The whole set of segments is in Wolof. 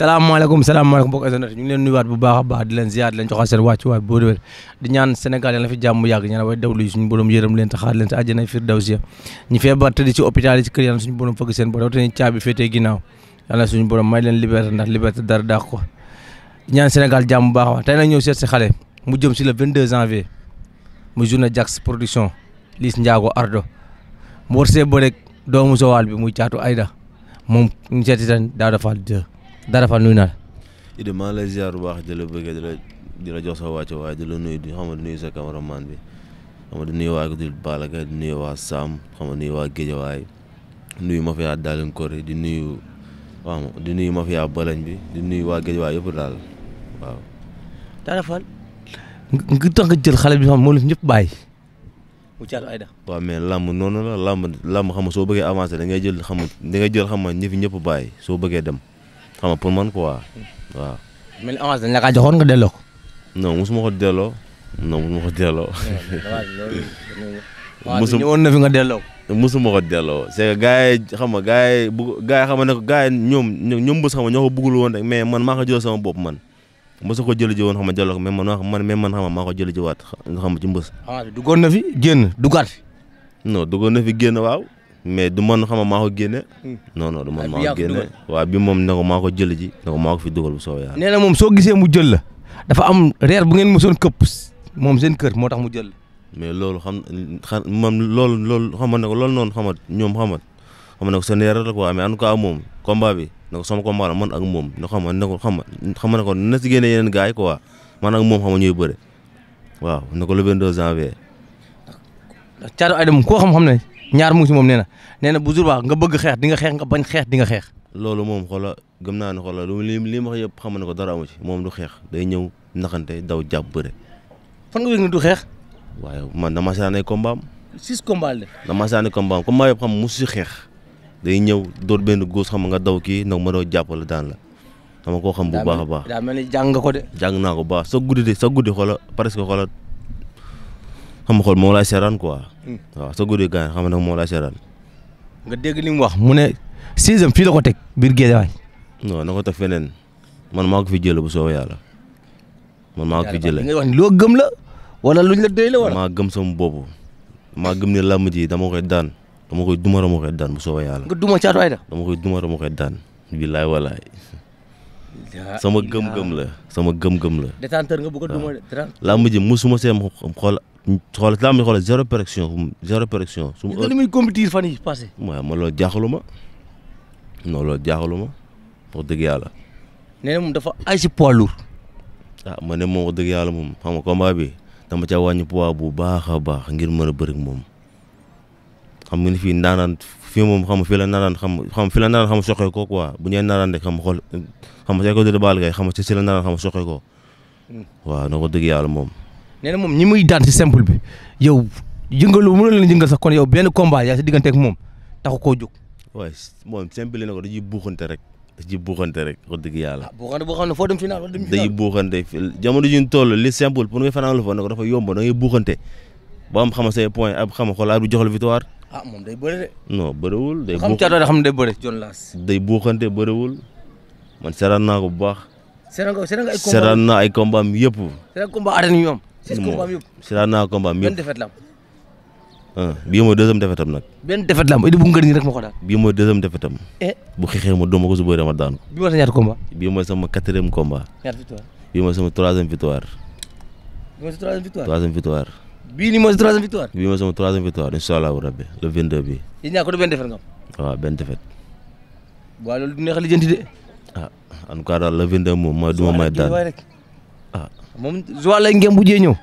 salaamaaleykum salaamaaleykum mbokk internet ñu ngi leen nuyuwaat bu baax a baax di leen ziar leen joxaat seen wàccu waay boo déwél di ñaan Sénégal yàlla na fi jàmm yàgg ñaan way dawlu yi suñu borom yërëm leen te xaar leen te àjjana firdawsi ñu feebar tëdd ci hôpital yi ci kër yàlla suñu borom fëgg seen borom rawatina caabi féetee ginnaaw yàlla suñu borom may leen liberté ndax liberté dara daax ko ñaan senegal jàmm bu baax a tey nag ñëw seet si xale mu jëm si le 22 janvier mu journée Jax production Liss Ndiago Ardo mu war see bërek doomu sowaal bi muy caatu Aïda moom ñu seeti tan Daouda Fall 2 dara fa nuyu naa la. Idi maa lay ziar bu baax di la bëggee di la di la jox sa wàcc waaye di la nuyu di xam nga di nuyu sa cameraman bi di nuyu waa Gudul Balaga di nuyu waa Sam nuyu waa Géejawaay di nuyu waaw di nuyu mafia Balañ bi di nuyu waa Géejawaay yëpp daal waaw. Dara Fall. nga tax nga jël xale bi nga xam moom la ñëpp bàyyi. mu caatu Ayda. waaw mais làmb noonu la làmb làmb xam nga soo bëggee avancer da ngay jël xam da ngay jël xam nga ñi fi ñëpp soo bëggee dem. xam nga pour man quoi waaw. mel ni avance dañ la joxoon nga delloo ko. non mosuma ko delloo. non mosuma ko delloo. mosu ñëwoon na fi nga delloo. mosuma ko delloo c'est que gars yi xam nga gars yi bu gars yi xam ne gars yi ñoom ñoom bés xam nga ñoo ko bëggul rek mais man maa ko jël sama bop man. mosu ko jël ji woon xam nga delloo ko man man man xam nga maa ko jël ji waat nga xam nga ci mbës. avance na fi génn duggaat. non duggoon waaw. mais du man xama maa ko génne. Hmm. non non du man maa waaw bi moom ne ko maa ko jël ji ne maa ko fi dugal bu soobee yàlla. moom soo gisee mu jël la dafa am reer bu ngeen soon këpp moom seen kër moo tax mu jël la. mais loolu xam xa man loolu loolu xam ne ko loolu noonu xamat ñoom xamat xam ne ko seen reer la quoi mais en tout cas moom combat bi ne ko sama combat la man ak moom xam ne ko xam xam ne ko na si génne yeneen gars yi quoi man ak moom xam ñooy bëre waaw ne ko le 22 janvier. Thiatou Adama koo ñaar mu moom nee na nee na bu jour baa nga bëgg xeex di nga xeex nga bañ xeex di nga xeex loolu moom xoola gëm naa ne xoola li li ma yëpp xam na ko dara amu ci moom du xeex day ñëw naxante daw jàpp bëre fan nga wég ne du xeex waaye man dama seetaan ay combat am six combat la dama seetaan ay combat am combat yëpp xam mosu si xeex day ñëw dóor benn góos xam nga daw kii nag ma doo jàpp la daan la dama koo xam bu baax baax daa mel ni jàng nga ko de jàng naa ko baax sa guddi sa guddi xoola presque xoola xam nga xool moo laay seeraan quoi. Hmm. waaw sa guddi gaan xam nga nag moo laay seeraan. nga dégg li mu wax mu ne sixième fii la ko teg biir Guédiawaye. non na ko teg feneen man maa ko fi jël bu soobee yàlla man maa ko fi jëlee. nga wax loo gëm la wala luñ la doy la wala. maa gëm sama bopp maa gëm ne làmb ji dama koy daan dama koy duma dama koy daan bu soobee yàlla. nga duma caatu ay da. dama koy duma dama koy daan. billaay walaay. sama gëm-gëm la sama gëm-gëm la. détenteur nga bëgg a duma de. làmb ji musuma see xool xoolal làmb ji xoolal zéro pression zéro pression. su fan yii passé. waaw man loolu jaaxaluma non loolu jaaxaluma dëgg yàlla. dafa ay si poids lourd. Ah, ne moom dëgg yàlla moom xam nga bi dama ca wàññi poids bu baax a baax ngir mën a bëri moom xam nga ni fii ndaanaan fii moom xam nga fii la naraan xam xam fii la naraan xam soqee ko quoi bu ñeen naraan rek xam nga xool xam nga xam nga si si la naraan xam soqee ko hmm. waaw na ko dëgg yàlla moom. nee na moom ñi muy daan si simple bi yow yëngaloo mënul leen yëngal sax kon yow benn combat yaa si diggante ak moom taxu koo jóg. waaye moom simple na ko dañuy buuxante rek. dañuy buuxante rek wax yàlla. Ah, buuxante boo xam ne foo dem final wala dem final. dañuy buuxante jamono ji ñu toll fa ne ko dafa yomb da buuxante ba am xama say point ab xama xool jox la victoire. Ah, moom day bëre de. non bëriwul day. xam caa xam ne day bëre John Lass. day buuxante bëriwul man seraan naa ko bu baax. seraan nga seraan nga ay combat seraan naa ay combat am yëpp. seraan combat arène ñoom. six combats yëpp si daan naa combat yëpp benn défaite la am. bii mooy deuxième défaite am nag. benn défaite la am bu ngeen nii rek ma ko daan. bii mooy deuxième défaite am. Eh? bu xeexee ma dóom ma ko su bëree ma daan ko. bii mooy sa ñaata combat. bii mooy sama quatrième combat. ñaata victoire. bii mooy sama troisième victoire. bii mooy sa troisième victoire. troisième victoire. bii nii mooy sa troisième victoire. bii mooy sama troisième victoire incha allahu rabbi le 22 bii. yéen ñaa ko du benn défaite nga am. waaw benn défaite. waaw loolu du neex a lijjanti de. ah en tout cas daal le 22 moom mooy du ma may daan moom Joal lay ngeen ñëw.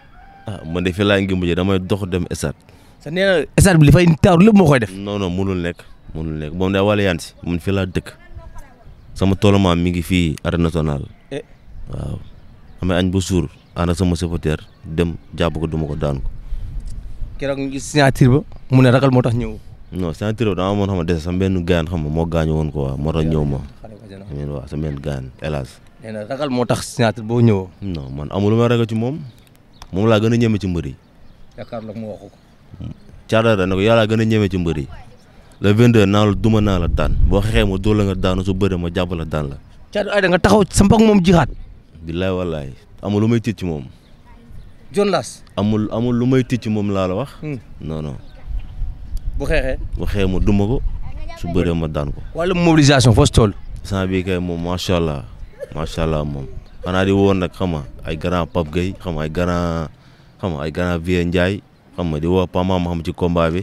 ah man de fii laa ngeen damay dox dem stade. sa nee li fay taaru lépp moo koy def. non non mënul nekk mënul nekk moom daa wàllu yaan si man fii laa dëkk sama toolama mi ngi fii arène nationale. Eh. waaw amee añ ba suur ànd sama supporter dem jàpp ko duma ko daan ko. keroog ñu gis signature ba mu ne ragal moo tax ñëw. non signature ba dama amoon xam benn gaan xam nga moo gaañu woon quoi moo tax ñëw ma. amiin waaw sa benn nee moo tax signature boo ñëwoo. non man amul ma ragal ci moom moom laa gën a ñeme ci mbër yi. yaakaar la mu waxu ko. Thiatada gën a ñeme ci mbër yi le 22 naa la duma naa la daan boo xeexee ma dóor la daan daanu su ma jàpp la daan la. Thiatou Aida nga taxaw sa mbokk moom jixaat. billaay wallaay amul lu may tiit ci moom. amul amul lu may tiit moom laa la wax. Hmm. non non. bu xeexee. bu ma duma ko su bëree ma daan ko. wàllum mobilisation foo si toll. sant bi kay moom macha allah. macha allah moom xanaa di woon nag xam ay grand Pape Gueye xam nga ay grand xam nga ay grand Vieux xam nga di woo Pama ma xam ci combat bi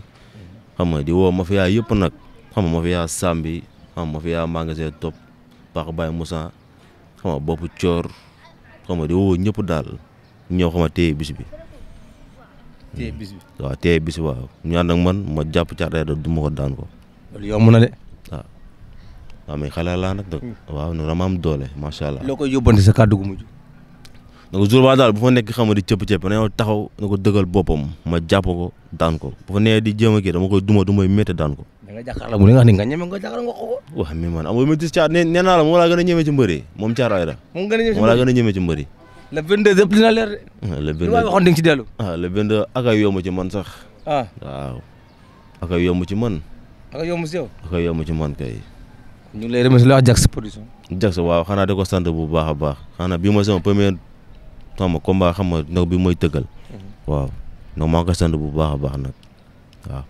xam nga di woo mafia yëpp nag xam nga mafia Sambi xam nga magasin Top Paax Baye Moussa xam nga boppu Coor xam di woo ñëpp daal ñoo xam nga téye bis bi. téye bis bi waaw ma jàpp caa du ma ko daan ko. waaw mais xale laa nag. waaw nag am doole macha allah. loo koy yóbbante sa kàddu gu mujj. donc jour daal bu fa nekk xam nga di cëpp cëpp na taxaw na ko dëggal boppam ma jàpp ko daan ko bu fa nee di jéem a kii dama koy duma du daan ko. da nga jàkkaarloo mu ne nga xam ne nga ñeme nga jàkkaarloo nga ko ko. waaw mais man amul métti a ñeme ci mbër yi moom caat ay la. moom a ñeme ci mbër yi. le 22 yëpp ma ah, waxoon di nga ah, ci man sax. ah waaw ci man. ak ay yow. ak ci man kay ñu ngi lay remercier la wax Jax production. Jax waaw xanaa di ko sant bu baax a baax xanaa bii mooy sama premier xam ma combat xam nga ndaw bi mooy tëggal. Mhm. waaw donc maa ngi koy bu baax a baax nag waaw.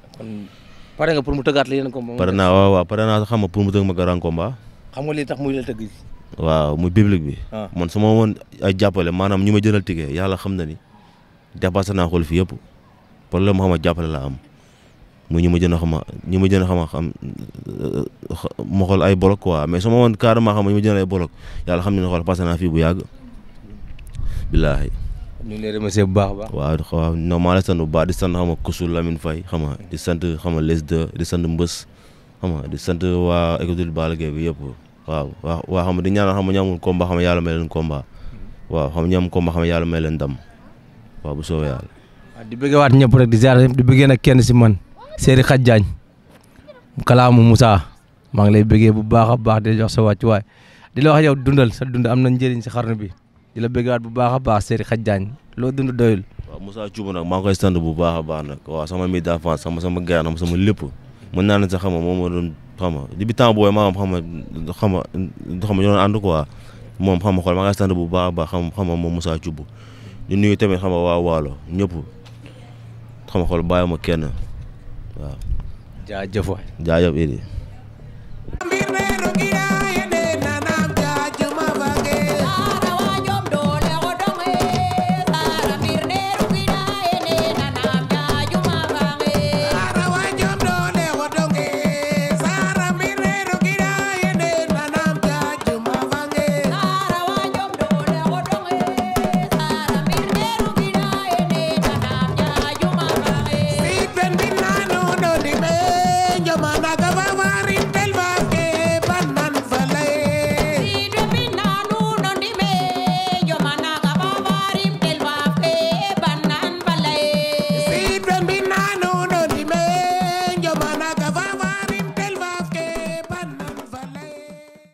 pare nga pour mu tëggaat la yeneen combat. pare naa waaw waaw naa xam nga pour mu tëgg ma grand combat. xam nga li tax muy la tëgg. waaw mu public bi. Ah. man sama woon ay jàppale maanaam ñu ma jëlal ticket yàlla xam na ni dépassé naa kol fii yëpp problème mu xam nga jàppale laa am. mu ñu jën a xama ñu ma jën a xama xam ma xool ay bolok quoi mais su ma woon carrément xam ñu ma jën ay bolok yàlla xam ne ne xool passé fii bu yàgg billaahi ñu ngi lay remercier bu baax baax. waaw waaw non maa la sant bu baax di sant xam nga Kousou Lamine Faye xam nga di sant xam nga di sant Mbës xam di sant waa école Balla Gaye bi yëpp waaw waa waa xam nga di ñaanal xam nga ñu amul combat yàlla may leen combat waaw xam nga yàlla may leen ndam waaw bu soobee yàlla. di bëggee waat ñëpp rek di ziar di bëggee nag kenn si man Seri Xaj Jaañ kalaamu Moussa maa ngi lay bëggee bu baax a baax di jox sa wàccuwaay di la wax yow dundal sa dund am na njëriñ si xarnu bi di la bëggaat bu baax a baax Seri Xaj Jaañ loo dund doyul. waaw Moussa Thioub nag maa koy sant bu baax a baax nag waaw sama mi d'enfance sama sama gànnaam sama lépp mën naa leen sax moom moo doon xam nga depuis temps booy maa xam nga xam nga moom xam nga bu baax a baax xam xam nga moom ñu nuyu tamit xam nga waa Waalo ñëpp xam nga xool bàyyi ma kenn waaw jaajëf waay jaajëf Idy